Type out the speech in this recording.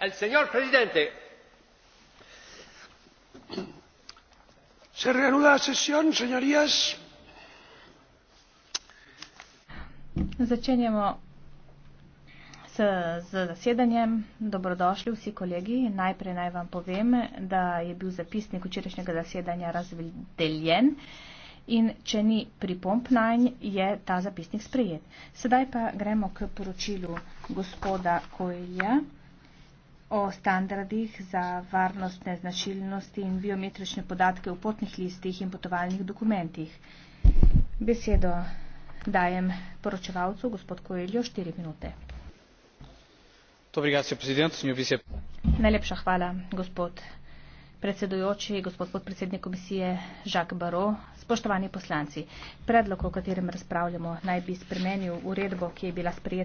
El señor presidente. Se reanuda la sesión, señorías. Začenjamo s, z zasedanjem. Dobrodošli vsi kolegi. Najprej naj vam povem, da je bil zapisnik včerajšnjega zasedanja razdeljen in če ni pripomp najn, je ta zapisnik sprejet. Sedaj pa gremo k poročilu gospoda Kojeja o standardih za varnostne značilnosti in biometrične podatke v potnih listih in potovalnih dokumentih. Besedo dajem poročevalcu, gospod Koeljo, 4 minute. Dobrigacijo, prezident, smil bi se. Najlepša hvala, gospod predsedujoči, gospod podpredsednik komisije Žak Baro, spoštovani poslanci. Predlog, o katerem razpravljamo, naj bi spremenil uredbo, ki je bila sprejeta.